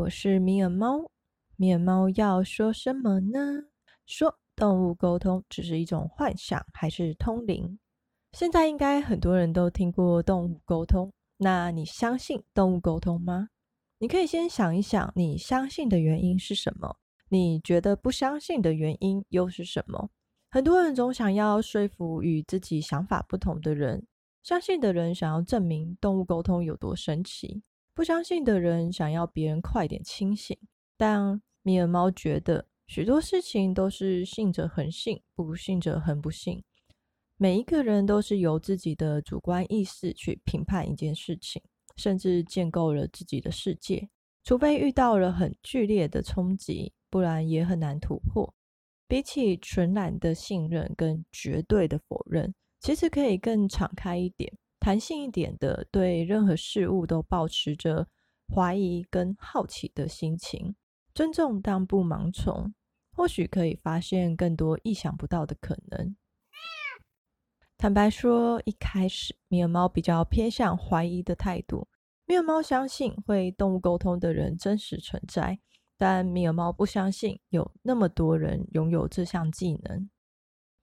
我是米爾貓，米爾貓要說什麼呢？說動物溝通只是一種幻想，還是通靈？現在應該很多人都聽過動物溝通，那你相信動物溝通嗎？你可以先想一想，你相信的原因是什麼？你覺得不相信的原因又是什麼？很多人總想要說服與自己想法不同的人，相信的人想要證明動物溝通有多神奇。不相信的人想要別人快點清醒，但米爾貓覺得許多事情都是信者恆信，不信者恆不信。每一個人都是由自己的主觀意識去評判一件事情，甚至建構了自己的世界。除非遇到了很劇烈的衝擊，不然也很難突破。比起純然的信任跟絕對的否認，其實可以更敞開一點。彈性一點的，對任何事物都保持着懷疑跟好奇的心情，尊重但不盲從，或許可以發現更多意想不到的可能。嗯、坦白說，一開始，米爾貓比較偏向懷疑的態度。米爾貓相信會動物溝通的人真實存在，但米爾貓不相信有那麼多人擁有這項技能。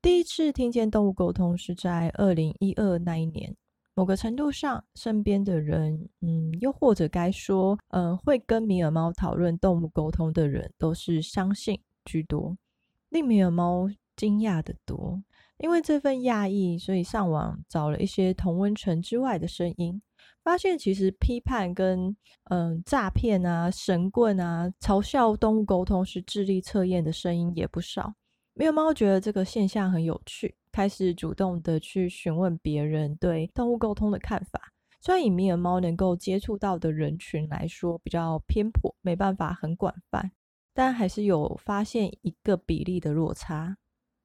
第一次聽見動物溝通是在二零一二那一年。某個程度上，身邊的人，嗯，又或者該說，嗯、呃，會跟米爾貓討論動物溝通的人，都是相信居多，令米爾貓驚訝得多。因為這份訝異，所以上網找了一些同溫層之外的聲音，發現其實批判跟嗯、呃、詐騙啊、神棍啊、嘲笑動物溝通是智力測驗的聲音也不少。米爾貓覺得這個現象很有趣。開始主動的去詢問別人對動物溝通的看法，雖然以米爾貓能夠接觸到的人群來說比較偏頗，沒辦法很廣泛，但還是有發現一個比例的落差。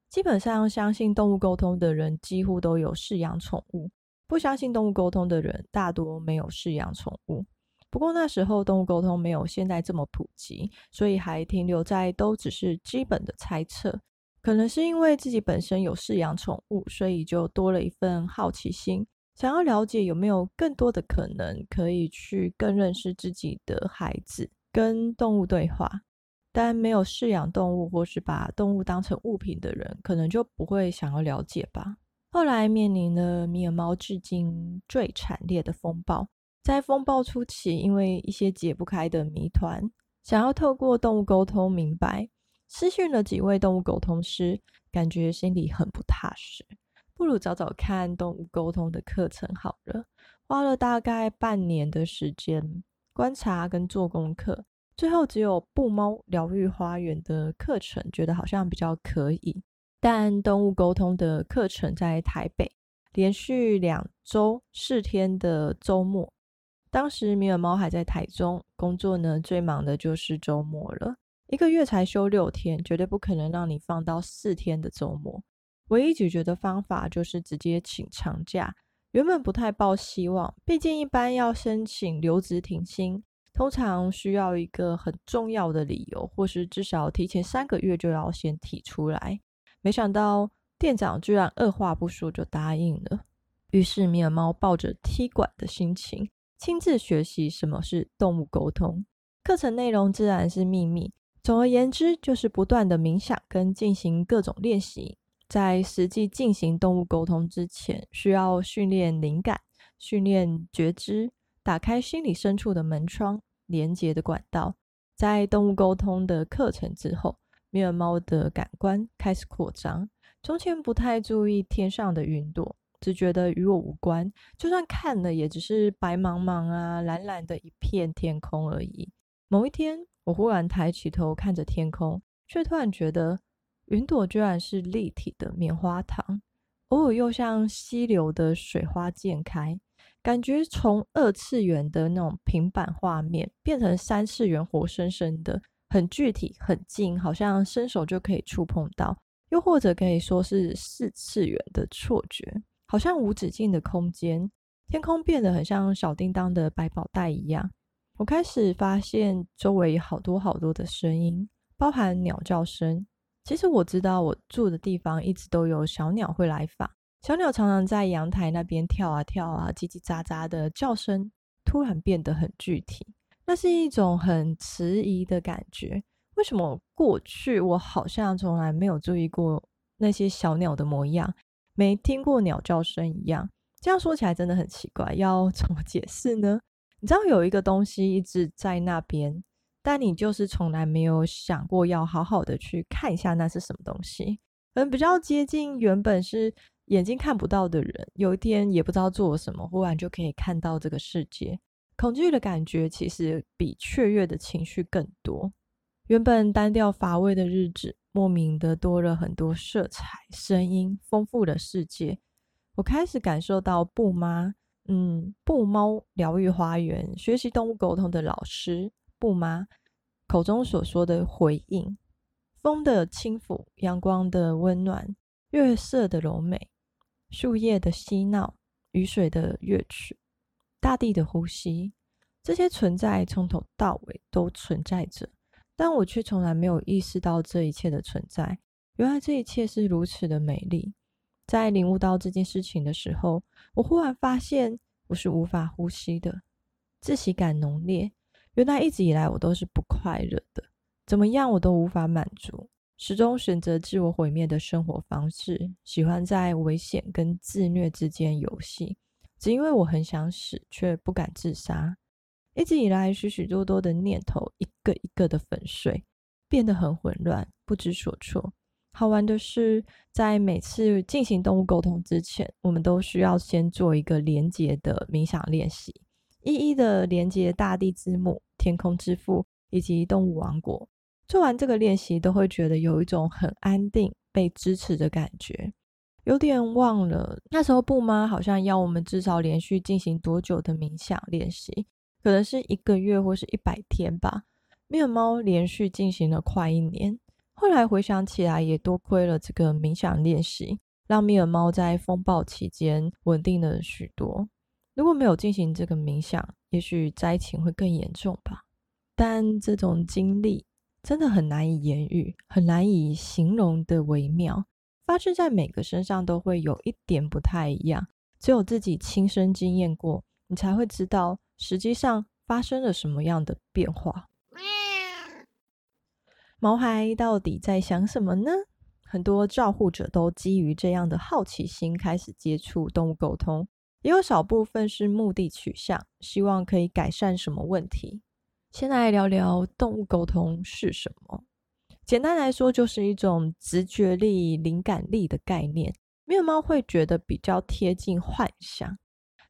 基本上相信動物溝通的人幾乎都有飼養寵物，不相信動物溝通的人大多沒有飼養寵物。不過那時候動物溝通沒有現在這麼普及，所以還停留在都只是基本的猜測。可能是因為自己本身有飼養寵物，所以就多了一份好奇心，想要了解有沒有更多的可能可以去更認識自己的孩子，跟動物對話。但沒有飼養動物或是把動物當成物品的人，可能就不會想要了解吧。後來面臨了米爾貓至今最慘烈的風暴，在風暴初期，因為一些解不開的謎團，想要透過動物溝通明白。私訊了幾位動物溝通師，感覺心裡很不踏實，不如找找看動物溝通的課程好了。花了大概半年的時間觀察跟做功課，最後只有布貓療癒花園的課程覺得好像比較可以。但動物溝通的課程在台北，連續兩週四天的週末，當時米爾貓還在台中工作呢，最忙的就是週末了。一個月才休六天，絕對不可能讓你放到四天的周末。唯一解決的方法就是直接請長假。原本不太抱希望，畢竟一般要申請留職停薪，通常需要一個很重要的理由，或是至少提前三個月就要先提出來。沒想到店長居然二話不說就答應了。於是米爾貓抱着踢館的心情，親自學習什麼是動物溝通。課程內容自然是秘密。總而言之，就是不斷的冥想跟進行各種練習。在實際進行動物溝通之前，需要訓練靈感、訓練覺知，打開心理深處的門窗、連接的管道。在動物溝通的課程之後，米爾貓的感官開始擴張。從前不太注意天上的雲朵，只覺得與我無關。就算看了，也只是白茫茫啊、藍藍的一片天空而已。某一天。我忽然抬起頭看着天空，卻突然覺得雲朵居然是立體的棉花糖，偶爾又像溪流的水花濺開，感覺從二次元的那種平板畫面變成三次元活生生的，很具體很近，好像伸手就可以觸碰到，又或者可以說是四次元的錯覺，好像無止境的空間，天空變得很像小叮當的百寶袋一樣。我開始發現周圍好多好多的聲音，包含鳥叫聲。其實我知道我住的地方一直都有小鳥會來訪，小鳥常常在陽台那邊跳啊跳啊，嘰嘰喳喳的叫聲突然變得很具體。那是一種很遲疑的感覺。為什麼過去我好像從來沒有注意過那些小鳥的模樣，沒聽過鳥叫聲一樣？這樣說起來真的很奇怪，要怎麼解釋呢？你知道有一個東西一直在那邊，但你就是從來沒有想過要好好的去看一下那是什麼東西。很、嗯、比較接近原本是眼睛看不到的人，有一天也不知道做了什麼，忽然就可以看到這個世界。恐懼的感覺其實比雀躍的情緒更多。原本單調乏味的日子，莫名的多了很多色彩、聲音、豐富的世界。我開始感受到，不媽。嗯，布貓療癒花園學習動物溝通的老師布媽口中所說的回應，風的輕撫，陽光的溫暖，月色的柔美，樹葉的嬉鬧，雨水的樂曲，大地的呼吸，這些存在從頭到尾都存在着，但我卻從來沒有意識到這一切的存在。原來這一切是如此的美麗。在領悟到這件事情的時候，我忽然發現我是無法呼吸的，窒息感濃烈。原來一直以來我都是不快樂的，怎麼樣我都無法滿足，始終選擇自我毀滅的生活方式，喜歡在危險跟自虐之間遊戲，只因為我很想死，卻不敢自殺。一直以來，許許多多的念頭一個一個的粉碎，變得很混亂，不知所措。好玩的是，在每次進行動物溝通之前，我們都需要先做一個連接的冥想練習，一一的連接大地之母、天空之父以及動物王國。做完這個練習，都會覺得有一種很安定、被支持的感覺。有點忘了，那時候布媽好像要我們至少連續進行多久的冥想練習？可能是一個月或是一百天吧。米爾貓連續進行了快一年。後來回想起來，也多虧了這個冥想練習，讓米爾貓在風暴期間穩定了許多。如果沒有進行這個冥想，也許災情會更嚴重吧。但這種經歷真的很難以言喻，很難以形容的微妙，發生在每個身上都會有一點不太一樣。只有自己親身經驗過，你才會知道實際上發生了什麼樣的變化。毛孩到底在想什麼呢？很多照護者都基於這樣的好奇心開始接觸動物溝通，也有少部分是目的取向，希望可以改善什麼問題。先來聊聊動物溝通是什麼？簡單來說，就是一種直覺力、靈感力的概念。米爾貓會覺得比較貼近幻想，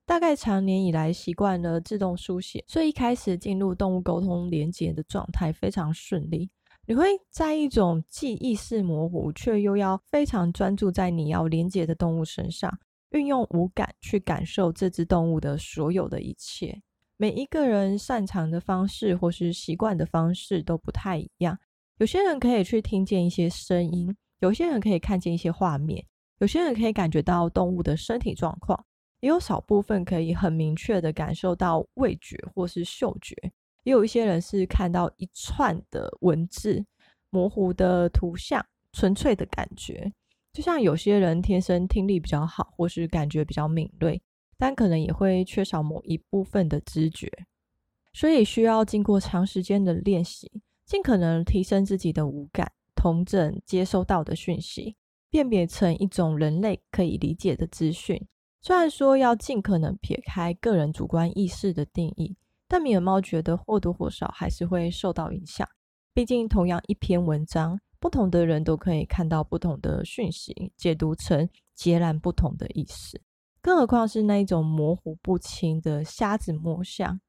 大概長年以來習慣了自動書寫，所以一開始進入動物溝通連接的狀態非常順利。你會在一種既意識模糊，卻又要非常專注在你要連接的動物身上，運用五感去感受這隻動物的所有的一切。每一個人擅長的方式或是習慣的方式都不太一樣。有些人可以去聽見一些聲音，有些人可以看見一些畫面，有些人可以感覺到動物的身體狀況，也有少部分可以很明確地感受到味覺或是嗅覺。也有一些人是看到一串的文字、模糊的圖像、純粹的感覺，就像有些人天生聽力比較好，或是感覺比較敏銳，但可能也會缺少某一部分的知覺，所以需要經過長時間的練習，儘可能提升自己的五感，統整接收到的訊息，辨別成一種人類可以理解的資訊。雖然說要儘可能撇開個人主觀意識的定義。但米爾貓覺得或多或少還是會受到影響，畢竟同樣一篇文章，不同的人都可以看到不同的訊息，解讀成截然不同的意思。更何況是那一種模糊不清的瞎子摸象。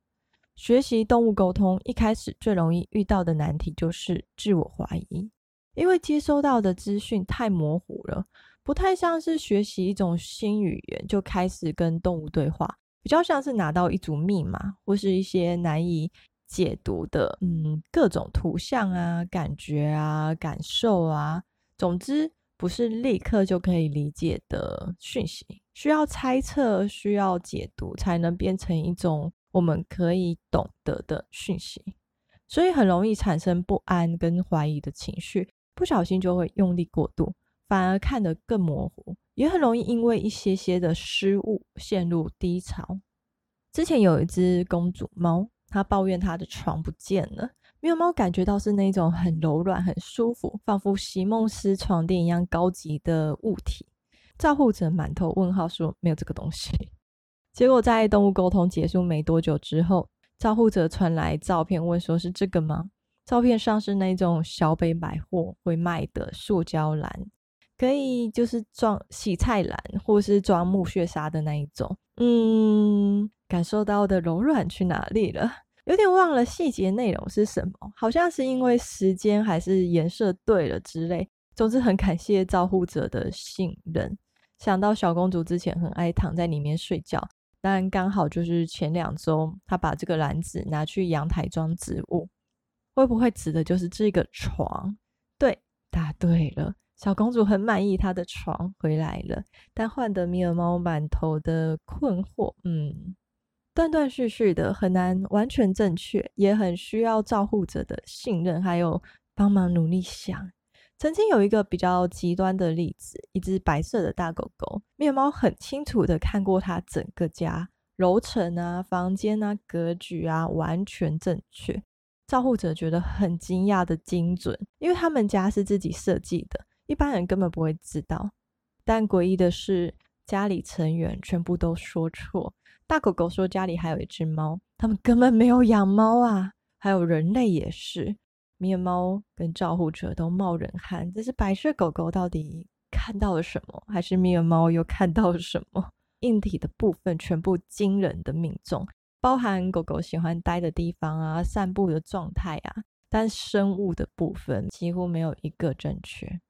學習動物溝通，一開始最容易遇到的難題就是自我懷疑，因為接收到的資訊太模糊了，不太像是學習一種新語言，就開始跟動物對話。比較像是拿到一組密碼，或是一些難以解讀的，嗯，各種圖像啊、感覺啊、感受啊，總之不是立刻就可以理解的訊息，需要猜測，需要解讀才能變成一種我們可以懂得的訊息，所以很容易產生不安跟懷疑的情緒，不小心就會用力過度。反而看得更模糊，也很容易因為一些些的失誤陷入低潮。之前有一隻公主貓，它抱怨它的床不見了，米爾貓感覺到是那種很柔軟、很舒服，仿佛席夢思床墊一樣高級的物體。照護者滿頭問號說：“沒有這個東西。”結果在動物溝通結束沒多久之後，照護者傳來照片問說：“是這個嗎？”照片上是那種小北百貨會賣的塑膠籃。可以就是裝洗菜籃，或是裝木屑沙的那一種。嗯，感受到的柔軟去哪裡了？有點忘了細節內容是什麼，好像是因為時間還是顏色對了之類。總之很感謝照顧者的信任。想到小公主之前很愛躺在裡面睡覺，但剛好就是前兩週她把這個籃子拿去陽台裝植物，會不會指的就是這個床？對，答對了。小公主很滿意她的床回來了，但換得米爾貓滿頭的困惑。嗯，斷斷續續的，很難完全正確，也很需要照護者的信任，還有幫忙努力想。曾經有一個比較極端的例子，一隻白色的大狗狗，米爾貓很清楚的看過它整個家，樓層啊、房間啊、格局啊，完全正確。照護者覺得很驚訝的精準，因為他們家是自己設計的。一般人根本不會知道，但詭異的是，家裡成員全部都說錯。大狗狗說家裡還有一隻貓，他們根本沒有養貓啊！還有人類也是，米爾貓跟照護者都冒冷汗。這是白色狗狗到底看到了什麼？還是米爾貓又看到了什麼？硬體的部分全部驚人的命中，包含狗狗喜歡待的地方啊、散步的狀態啊，但生物的部分幾乎沒有一個正確。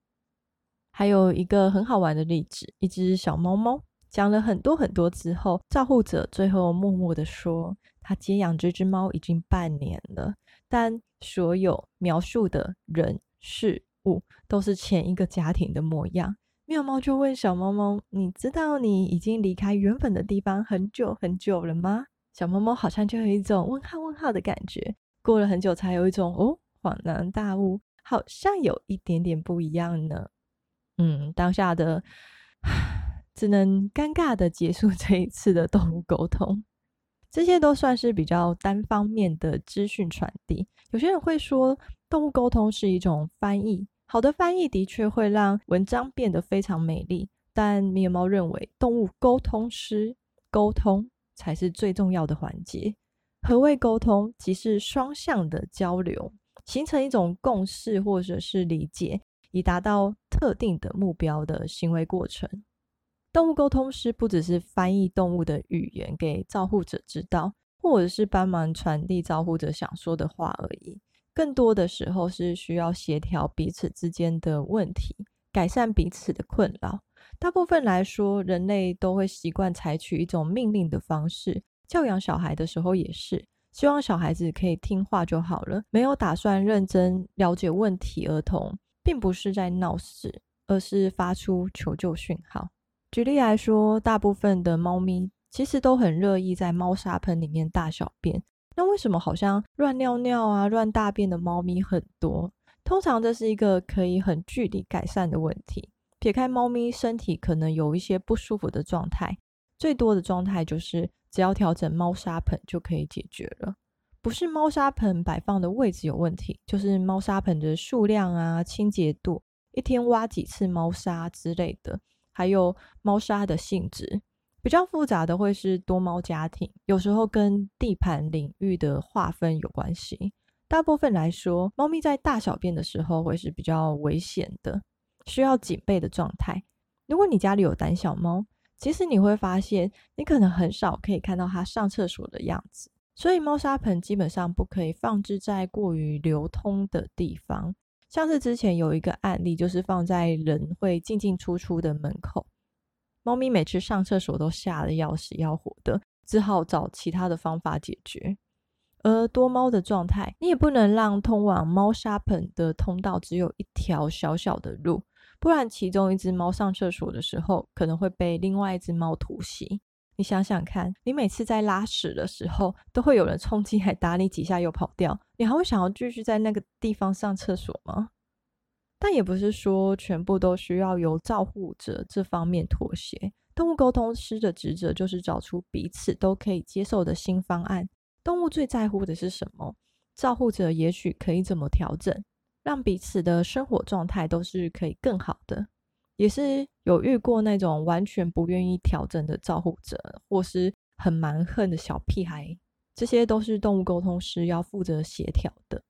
還有一個很好玩的例子，一只小貓貓講了很多很多之後，照顧者最後默默的說：“他接養這只貓已經半年了，但所有描述的人事物都是前一個家庭的模樣。”米爾貓就問小貓貓：“你知道你已經離開原本的地方很久很久了嗎？”小貓貓好像就有一種問號問號的感覺，過了很久才有一種哦恍然大悟，好像有一點點不一樣呢。嗯，當下的只能尷尬的結束這一次的動物溝通，這些都算是比較單方面的資訊傳遞。有些人會說，動物溝通是一種翻譯，好的翻譯的確會讓文章變得非常美麗。但米爾貓認為，動物溝通師溝通才是最重要的環節。何謂溝通？即是雙向的交流，形成一種共識或者是理解。以達到特定的目標的行為過程。動物溝通師不只是翻譯動物的語言給照護者知道，或者是幫忙傳遞照護者想說的話而已。更多的時候是需要協調彼此之間的問題，改善彼此的困擾。大部分來說，人類都會習慣採取一種命令的方式，教養小孩的時候也是，希望小孩子可以聽話就好了，沒有打算認真了解問題兒童。並不是在鬧事，而是發出求救訊號。舉例來說，大部分的貓咪其實都很樂意在貓砂盆裡面大小便。那為什麼好像亂尿尿啊、亂大便的貓咪很多？通常這是一個可以很具體改善的問題。撇開貓咪身體可能有一些不舒服的狀態，最多的狀態就是只要調整貓砂盆就可以解決了。不是貓砂盆擺放的位置有問題，就是貓砂盆的數量啊、清潔度、一天挖幾次貓砂之類的，還有貓砂的性質。比較複雜的會是多貓家庭，有時候跟地盤領域的劃分有關係。大部分來說，貓咪在大小便的時候會是比較危險的，需要警備的狀態。如果你家裡有膽小貓，其實你會發現，你可能很少可以看到它上廁所的樣子。所以貓砂盆基本上不可以放置在過於流通的地方，像是之前有一個案例，就是放在人會進進出出的門口，貓咪每次上廁所都嚇得要死要活的，只好找其他的方法解決。而多貓的狀態，你也不能讓通往貓砂盆的通道只有一條小小的路，不然其中一隻貓上廁所的時候，可能會被另外一隻貓突襲。你想想看，你每次在拉屎的時候，都會有人衝進來打你幾下又跑掉，你還會想要繼續在那個地方上廁所嗎？但也不是說全部都需要由照護者這方面妥協。動物溝通師的職責就是找出彼此都可以接受的新方案。動物最在乎的是什麼？照護者也許可以怎麼調整，讓彼此的生活狀態都是可以更好的。也是有遇過那種完全不願意調整的照顧者，或是很蠻橫的小屁孩，這些都是動物溝通師要負責協調的。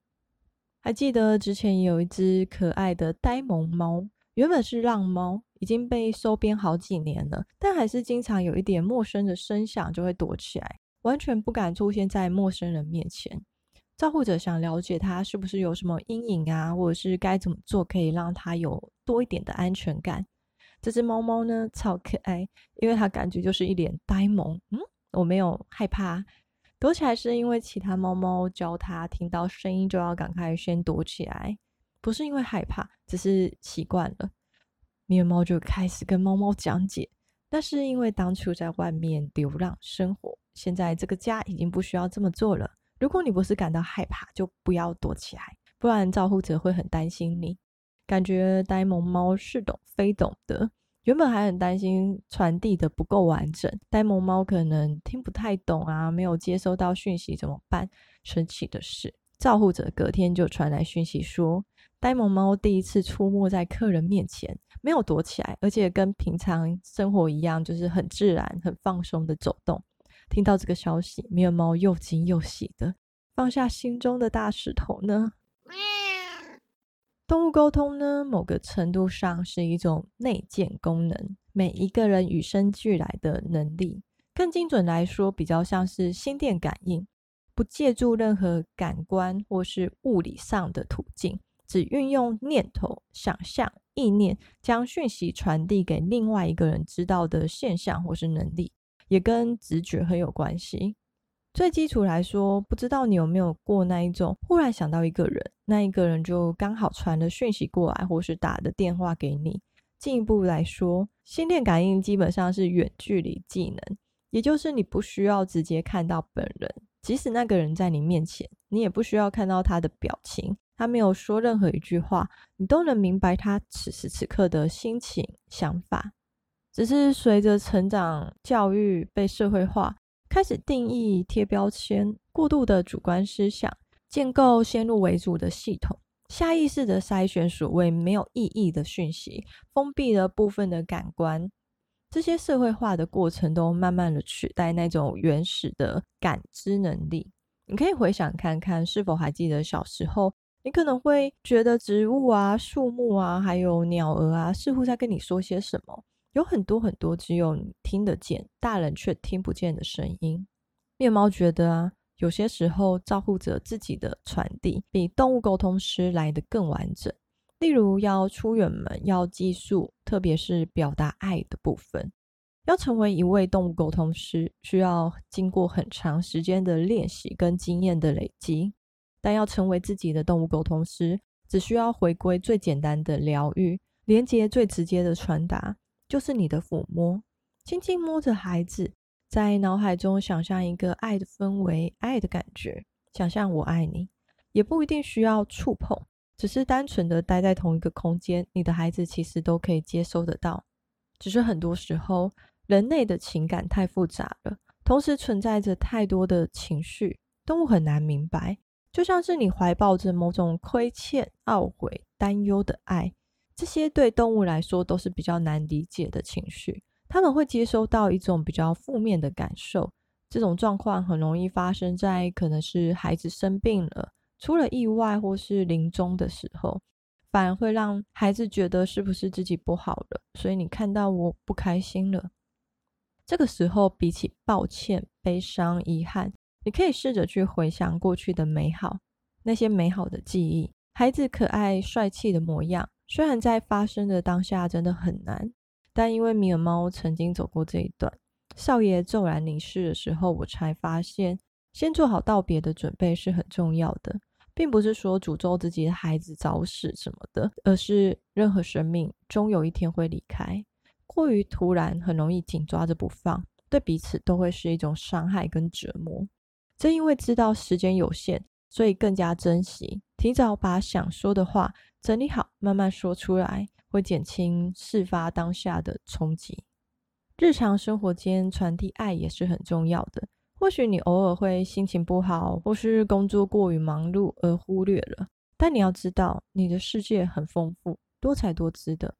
還記得之前有一隻可愛的呆萌貓，原本是浪貓，已經被收編好幾年了，但還是經常有一點陌生的聲響就會躲起來，完全不敢出現在陌生人面前。照顧者想了解它是不是有什麼陰影啊，或者是該怎麼做可以讓它有。多一點的安全感。這隻貓貓呢，超可愛，因為它感覺就是一臉呆萌。嗯，我沒有害怕啊，躲起來是因為其他貓貓教它，聽到聲音就要趕快先躲起來，不是因為害怕，只是習慣了。米爾貓就開始跟貓貓講解，那是因為當初在外面流浪生活，現在這個家已經不需要這麼做了。如果你不是感到害怕，就不要躲起來，不然照顧者會很擔心你。感覺呆萌貓似懂非懂的，原本還很擔心傳遞的不夠完整，呆萌貓可能聽不太懂啊，沒有接收到訊息怎麼辦？神奇的是，照護者隔天就傳來訊息說，呆萌貓第一次出沒在客人面前，沒有躲起來，而且跟平常生活一樣，就是很自然、很放鬆的走動。聽到這個消息，米爾貓又驚又喜的，放下心中的大石頭呢。動物溝通呢，某個程度上是一種內建功能，每一個人與生俱來的能力。更精準來說，比較像是心電感應，不借助任何感官或是物理上的途徑，只運用念頭、想象、意念，將訊息傳遞給另外一個人知道的現象或是能力，也跟直覺很有關係。最基礎來說，不知道你有沒有過那一種，忽然想到一個人，那一個人就剛好傳了訊息過來，或是打了電話給你。進一步來說，心電感應基本上是遠距離技能，也就是你不需要直接看到本人，即使那個人在你面前，你也不需要看到他的表情，他沒有說任何一句話，你都能明白他此時此刻的心情想法。只是隨着成長、教育被社會化。開始定義貼標籤，過度的主觀思想，建構先入為主的系統，下意識的篩選所謂沒有意義的訊息，封閉了部分的感官。這些社會化的過程都慢慢的取代那種原始的感知能力。你可以回想看看，是否還記得小時候，你可能會覺得植物啊、樹木啊，還有鳥兒啊，似乎在跟你說些什麼。有很多很多只有你聽得見，大人卻聽不見的聲音。米爾貓覺得啊，有些時候照顧着自己的傳遞，比動物溝通師來得更完整。例如要出遠門，要寄宿，特別是表達愛的部分。要成為一位動物溝通師，需要經過很長時間的練習跟經驗的累積。但要成為自己的動物溝通師，只需要回歸最簡單的療癒，連接最直接的傳達。就是你的撫摸，輕輕摸着孩子，在腦海中想象一個愛的氛圍、愛的感覺，想象我愛你，也不一定需要觸碰，只是單純的待在同一個空間，你的孩子其實都可以接收得到。只是很多時候，人類的情感太複雜了，同時存在着太多的情緒，動物很難明白。就像是你懷抱着某種虧欠、懊悔、擔憂的愛。這些對動物來說都是比較難理解的情緒，他們會接收到一種比較負面的感受。這種狀況很容易發生在可能是孩子生病了、出了意外或是臨終的時候，反而會讓孩子覺得是不是自己不好了。所以你看到我不開心了，這個時候比起抱歉、悲傷、遺憾，你可以試着去回想過去的美好，那些美好的記憶，孩子可愛帥氣的模樣。雖然在發生的當下真的很難，但因為米爾貓曾經走過這一段，少爺驟然離世的時候，我才發現，先做好道別的準備是很重要的，並不是說詛咒自己的孩子早死什麼的，而是任何生命終有一天會離開，過於突然，很容易緊抓着不放，對彼此都會是一種傷害跟折磨。正因為知道時間有限，所以更加珍惜，提早把想說的話。整理好，慢慢說出來，會減輕事發當下的衝擊。日常生活間傳遞愛也是很重要的。或許你偶爾會心情不好，或是工作過於忙碌而忽略了，但你要知道，你的世界很豐富、多彩多姿的。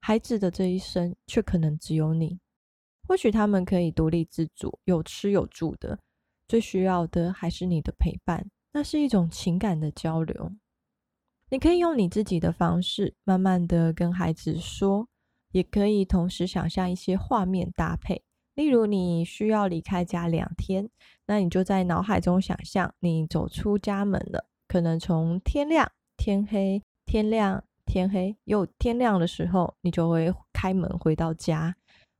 孩子的這一生卻可能只有你。或許他們可以獨立自主、有吃有住的，最需要的還是你的陪伴。那是一種情感的交流。你可以用你自己的方式，慢慢的跟孩子說，也可以同時想象一些畫面搭配。例如，你需要離開家兩天，那你就在腦海中想象你走出家門了，可能從天亮、天黑、天亮、天黑，又天亮的時候，你就會開門回到家。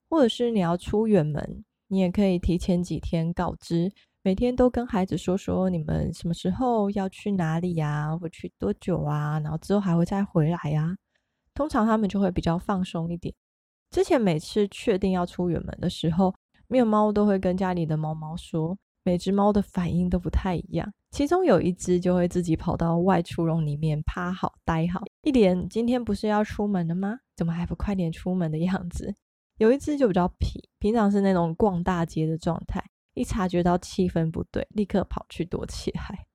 或者是你要出遠門，你也可以提前幾天告知。每天都跟孩子說說你們什麼時候要去哪裡呀、啊？或去多久啊？然後之後還會再回來呀、啊？通常他們就會比較放鬆一點。之前每次確定要出遠門的時候，米爾貓都會跟家裡的貓貓說，每只貓的反應都不太一樣。其中有一只就會自己跑到外出籠裡面趴好待好，一臉今天不是要出門了嗎？怎麼還不快點出門的樣子？有一只就比較皮，平常是那種逛大街的狀態。一察覺到氣氛不對，立刻跑去躲起來。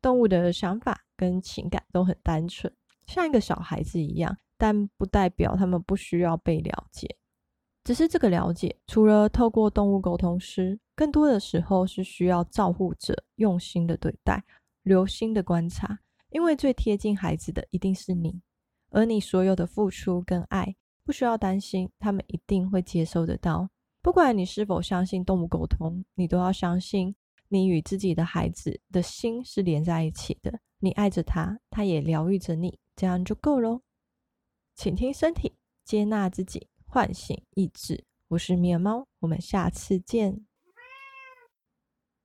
動物的想法跟情感都很單純，像一個小孩子一樣，但不代表他們不需要被了解。只是這個了解，除了透過動物溝通師，更多的時候是需要照顧者用心的對待，留心的觀察，因為最貼近孩子的一定是你，而你所有的付出跟愛，不需要擔心，他們一定會接收得到。不管你是否相信動物溝通，你都要相信你與自己的孩子的心是連在一起的。你愛着他，他也療癒着你，這樣就夠咯。請聽身體，接納自己，喚醒意志。我是米爾貓，我們下次見。